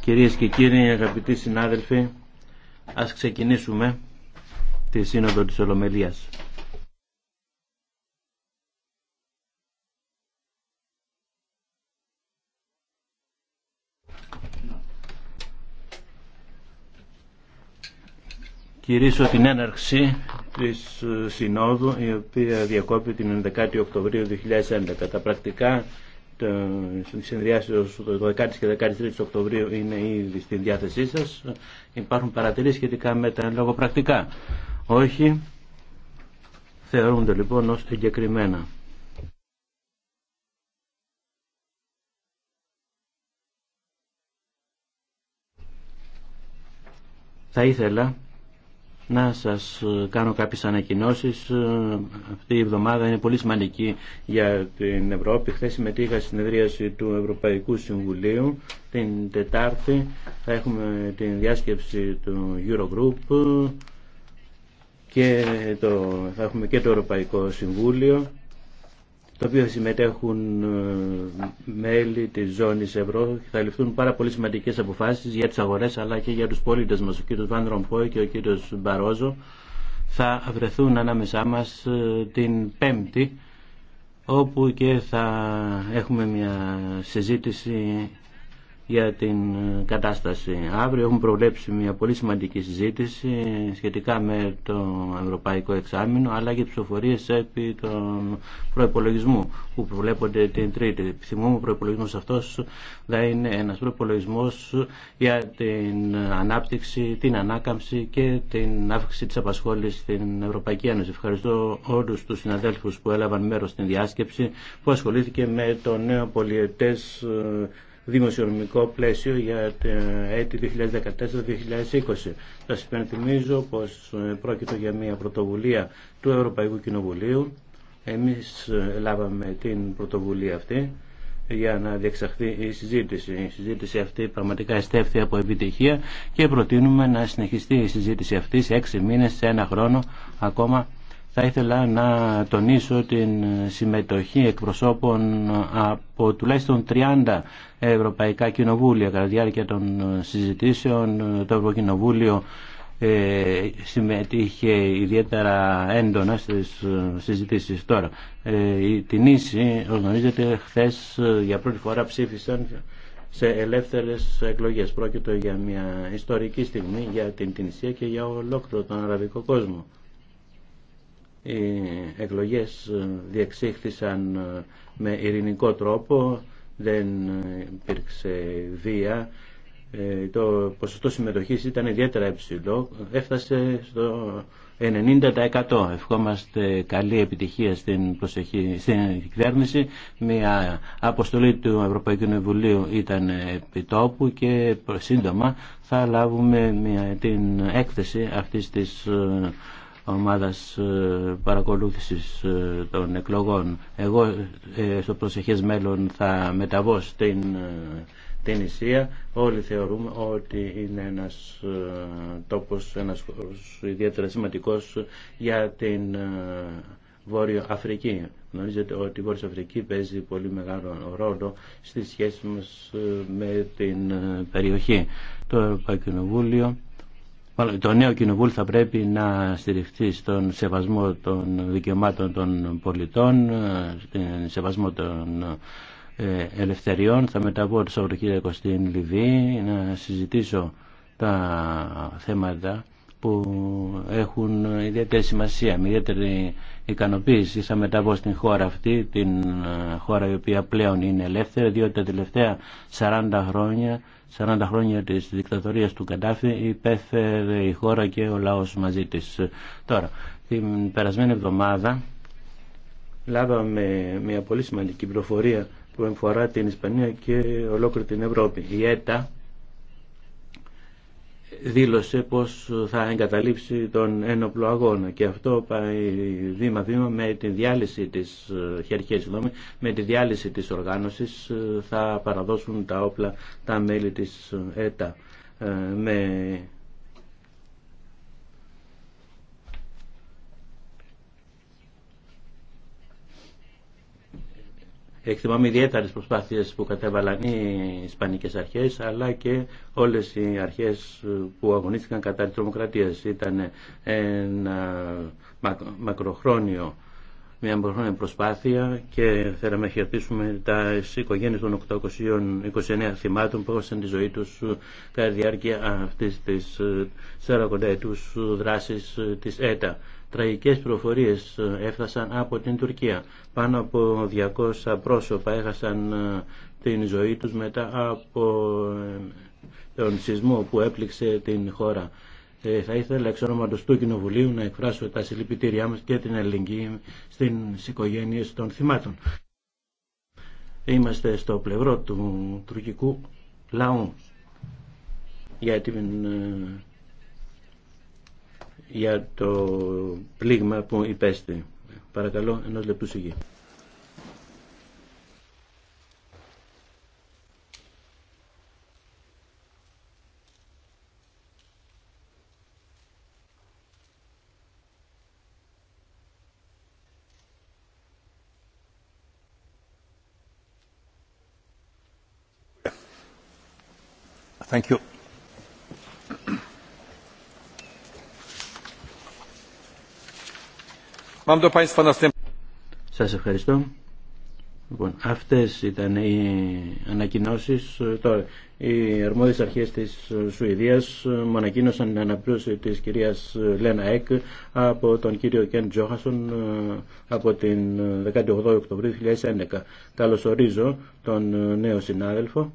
Κυρίες και κύριοι, αγαπητοί συνάδελφοι, ας ξεκινήσουμε τη Σύνοδο της Ολομελίας. κηρύσω την έναρξη της ε, Συνόδου η οποία διακόπτει την 11η Οκτωβρίου 2011. Τα πρακτικά της του 12 και 13 Οκτωβρίου είναι ήδη στην διάθεσή σας. Υπάρχουν παρατηρήσεις σχετικά με τα λογοπρακτικά. Όχι, θεωρούνται λοιπόν ως εγκεκριμένα. Θα ήθελα να σας κάνω κάποιες ανακοινώσεις. Αυτή η εβδομάδα είναι πολύ σημαντική για την Ευρώπη. Χθες συμμετείχα στην συνεδρίαση του Ευρωπαϊκού Συμβουλίου. Την Τετάρτη θα έχουμε την διάσκεψη του Eurogroup και το, θα έχουμε και το Ευρωπαϊκό Συμβούλιο τα οποία συμμετέχουν ε, μέλη της ζώνης ευρώ και θα ληφθούν πάρα πολύ σημαντικές αποφάσεις για τις αγορές αλλά και για τους πολίτες μας. Ο κ. Βαν και ο κύριος Μπαρόζο θα βρεθούν ανάμεσά μας ε, την Πέμπτη όπου και θα έχουμε μια συζήτηση για την ε, κατάσταση. Αύριο έχουμε προβλέψει μια πολύ σημαντική συζήτηση σχετικά με το Ευρωπαϊκό Εξάμεινο αλλά και ψηφοφορίε επί των προπολογισμού που προβλέπονται την Τρίτη. Επιθυμούμε ο προπολογισμό αυτό θα είναι ένα προπολογισμό για την ανάπτυξη, την ανάκαμψη και την αύξηση τη απασχόληση στην Ευρωπαϊκή Ένωση. Ευχαριστώ όλου του συναδέλφου που έλαβαν μέρο στην διάσκεψη που ασχολήθηκε με το νέο πολιετέ ε, δημοσιονομικό πλαίσιο για το έτη 2014-2020. Σας υπενθυμίζω πως ε, πρόκειται για μια πρωτοβουλία του Ευρωπαϊκού Κοινοβουλίου. Εμείς ε, λάβαμε την πρωτοβουλία αυτή για να διεξαχθεί η συζήτηση. Η συζήτηση αυτή πραγματικά εστέφθη από επιτυχία και προτείνουμε να συνεχιστεί η συζήτηση αυτή σε έξι μήνες, σε ένα χρόνο ακόμα θα ήθελα να τονίσω την συμμετοχή εκπροσώπων από τουλάχιστον 30 ευρωπαϊκά κοινοβούλια κατά τη διάρκεια των συζητήσεων. Το Ευρωκοινοβούλιο ε, συμμετείχε ιδιαίτερα έντονα στις συζητήσεις τώρα. Ε, η Τινήση, γνωρίζετε, χθες ε, για πρώτη φορά ψήφισαν σε ελεύθερες εκλογές. Πρόκειται για μια ιστορική στιγμή για την Τινησία και για ολόκληρο τον αραβικό κόσμο οι εκλογές διεξήχθησαν ε, με ειρηνικό τρόπο, δεν υπήρξε βία. Ε, το ποσοστό συμμετοχής ήταν ιδιαίτερα υψηλό, έφτασε στο 90%. Ευχόμαστε καλή επιτυχία στην, προσεχή, στην κυβέρνηση. Μια αποστολή του Ευρωπαϊκού Κοινοβουλίου ήταν επιτόπου και σύντομα θα λάβουμε μια, την έκθεση αυτής της ε, ομάδας ε, παρακολούθησης ε, των εκλογών. Εγώ ε, στο προσεχές μέλλον θα μεταβώ στην την Ισία. Όλοι θεωρούμε ότι είναι ένας τόπος, ένας ιδιαίτερα σημαντικός για την Βόρειο Αφρική. Γνωρίζετε ότι η Βόρειο Αφρική παίζει πολύ μεγάλο ρόλο στη σχέση μας με την περιοχή. Το Ευρωπαϊκό Κοινοβούλιο το νέο κοινοβούλιο θα πρέπει να στηριχθεί στον σεβασμό των δικαιωμάτων των πολιτών, στον σεβασμό των ε, ελευθεριών. Θα μεταβώ το Σαββατοκύριακο στην Λιβύη να συζητήσω τα θέματα που έχουν ιδιαίτερη σημασία, με ιδιαίτερη ικανοποίηση. μετά από στην χώρα αυτή, την ε, χώρα η οποία πλέον είναι ελεύθερη, διότι τα τελευταία 40 χρόνια, 40 χρόνια της δικτατορίας του Καντάφη υπέφερε η χώρα και ο λαός μαζί της. Τώρα, την περασμένη εβδομάδα λάβαμε μια πολύ σημαντική πληροφορία που εμφορά την Ισπανία και ολόκληρη την Ευρώπη. Η ΕΤΑ δήλωσε πως θα εγκαταλείψει τον ένοπλο αγώνα και αυτό πάει βήμα-βήμα με τη διάλυση της ε, χερχές με τη διάλυση της οργάνωσης ε, θα παραδώσουν τα όπλα τα μέλη της ε, ΕΤΑ με εκτιμάμε ιδιαίτερες προσπάθειες που κατέβαλαν οι Ισπανικές αρχές αλλά και όλες οι αρχές που αγωνίστηκαν κατά τη τρομοκρατία. Ήταν ένα μακροχρόνιο μια μακροχρόνια προσπάθεια και θέλαμε να χαιρετήσουμε τα οικογένειε των 829 θυμάτων που έχασαν τη ζωή τους κατά τη διάρκεια αυτής της 40 ετούς δράσης της ΕΤΑ τραγικές προφορίες ε, έφτασαν από την Τουρκία. Πάνω από 200 πρόσωπα έχασαν ε, την ζωή τους μετά από ε, τον σεισμό που έπληξε την χώρα. θα ήθελα εξ ονόματος του Κοινοβουλίου να εκφράσω τα συλληπιτήριά μας και την ελληνική στην οικογένειε των θυμάτων. Είμαστε στο πλευρό του τουρκικού λαού για την για το πλήγμα που υπέστη. Παρακαλώ, ενό λεπτού σιγή. Thank you. Σας ευχαριστώ. Λοιπόν, αυτές ήταν οι ανακοινώσεις. Ε, τώρα, οι αρμόδιες αρχές της ε, Σουηδίας ε, μου ανακοίνωσαν την αναπλούση της κυρίας Λένα Εκ από τον κύριο Κεν Τζόχασον από την 18 Οκτωβρίου 2011. Καλωσορίζω τον νέο συνάδελφο.